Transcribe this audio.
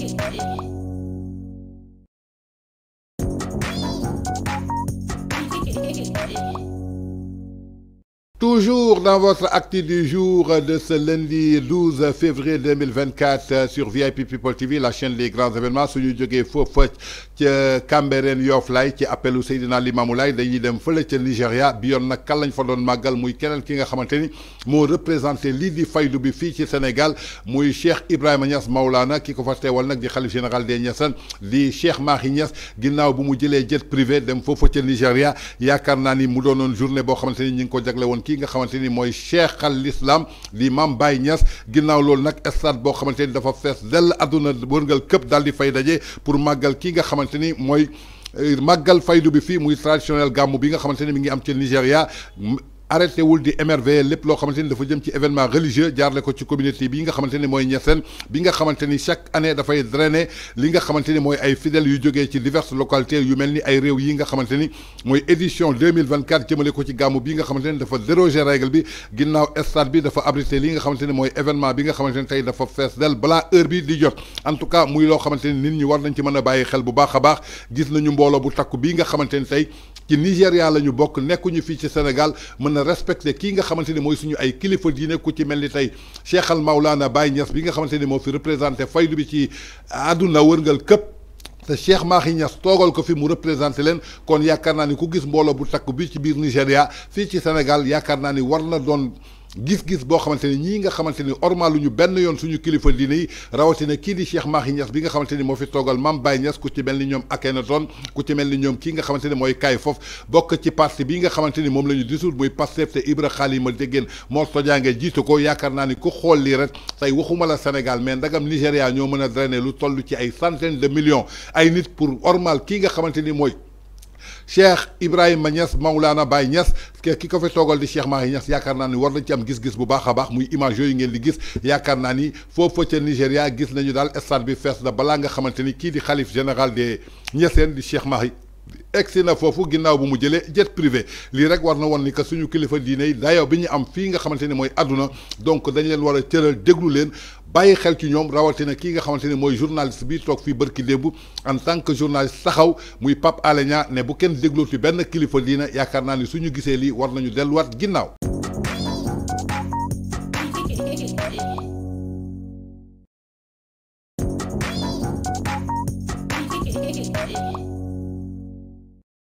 Thank you. Toujours dans votre acte du jour de ce lundi 12 février 2024 euh, sur VIP People TV la chaîne des grands événements suñu jógee foofu ca Cambérène Yoff Laye ci appelu Seydina Limamou Laye dañuy dem fële ca Nigéria bi yoon nag kan lañ fa doon màggal muy keneen ki nga xamante ni moo représenté lii di faydu bi fii ci Sénégal muy Cheikh Ibrahima Niass Maulana ki ko fa teewal nag di général de Niassènes Li Cheikh Mahi Niass ginnaaw bu mu jëlee jet privé dem foofu ca Nigéria yaakaar ni mu doonoon journée boo xamante ni ñu ngi ko jagle ki nga xamanteni moy mooy cheikh al islam di Mame Baye Niass ginnaaw lol nak stade bo xamanteni dafa fess del aduna wërngal kep dal di fay daje pour magal ki nga xamanteni moy magal faydu bi fi muy traditionnel gamu bi nga xamanteni mi ngi am ci Nigéria arrêté wul di émerveiller lépp loo xamante ni dafa jëm ci événement religieux jaarle ko ci communauté bi nga xamante ni mooy ñeseen bi nga xamante ni chaque année dafay drainer li nga xamante ni mooy ay fidèle yu jógee ci diverses localités yu mel ni ay réew yi nga xamante ni mooy édition 2024 jëmale ko ci gàmmu bi nga xamante ni dafa déroger règle bi ginnaaw stade bi dafa abrité li nga xamante ni mooy événement bi nga xamante ni tey dafa fees del balaa heure bi di jot en tout cas muy loo xamante ni nit ñi war nañ ci mën a bàyyi xel bu baax a baax gis nañu mbooloo bu takku bi nga xamante ni tey ci Nigéria la ñu bokk nekkuñu fii ci Sénégal mën na respecté kii nga xamante ni mooy suñu ay kilifa diine nekku ci mel ni tey Cheikh al Maulana Baye Niass bi nga xamante ni moo fi représenté faydu bi ci àdduna wërngal këpp te maax Mahi Niass toogal ko fi mu représenté leen kon yaakaar naa ni ku gis mbooloo bu takk bi ci biir Nigéria fii ci Sénégal yaakaar naa ni war na doon. gis-gis boo xamante ne ñii nga xamante ni ormalu ben benn yoon suñu kilifa diine yi na kii di Cheikh Mahi Niass bi nga xamante ni moo fi toogal mam Baye Niass ku ci mel ni ñoom Akhenaton ku ci mel ni ñoom kii nga xamante ni mooy kaay foofu bokk ci parti bi nga xamante ni moom la ñu muy Pastef te Ibra Khalima Déguène Mor Sodiange jiitu ko yaakaar naa ni ku xool lii rek tey waxuma la Sénégal mais ndagam Nigéria ñoo mën a drainer lu toll ci ay centaine de millions ay nit pour hormal kii nga xamante ni mooy Cheikh Ibrahim Niass Maulana Bay Niass ki ko fi toogal di Cheikh Mahi Niass yaakaar naa ni war nañ ci am gis-gis bu baakha a baax muy image yo ngeen di gis yaakaar naa ni foofu ca Nigéria gis nañu dal stade bi fess na bala nga xamanteni ki di xalif général de Niassène di Cheikh Mahi egsi na fofu ginnaw bu mu jëlee jet privé li rek war na woon ni que suñu kilifa diine yi dayo bi am fi nga xamanteni moy aduna donc dañ leen wara a deglu leen bàyyi xel ci ñoom rawatina kii nga xamante ne mooy journaliste bi toog fii bërki démb en tant que journaliste taxaw muy Pape Alé ne bu kenn dégloo ci benn kilifa diina yaakaar naa ni suñu gisee lii war nañu delluwaat ginnaaw